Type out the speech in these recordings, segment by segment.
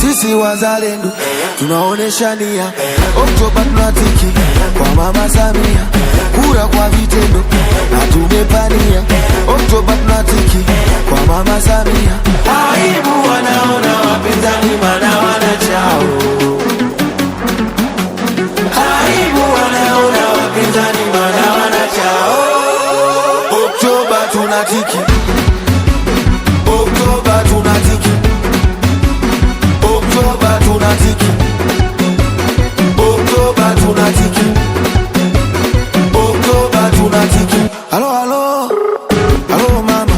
Sisi wazalendo tunaonesha nia, Oktoba tunatiki kwa mama Samia, kura kwa vitendo na tumepania. Oktoba tunatiki kwa mama Samia, aibu wanaona wapinzani mana wanachao Oktoba tunatiki tunatiki Oktoba tunatiki Oktoba tunatiki Alo alo Alo mama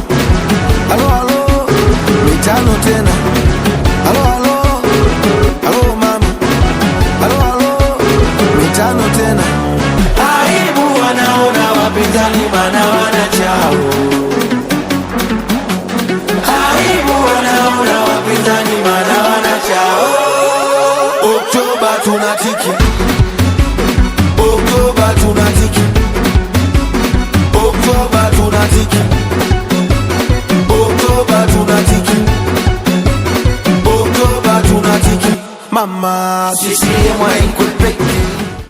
Alo alo Mitano tena Oktoba tunatiki, Oktoba tunatiki, Oktoba tunatiki, Oktoba tunatiki, Oktoba tunatiki. Mama, moi, inculpé.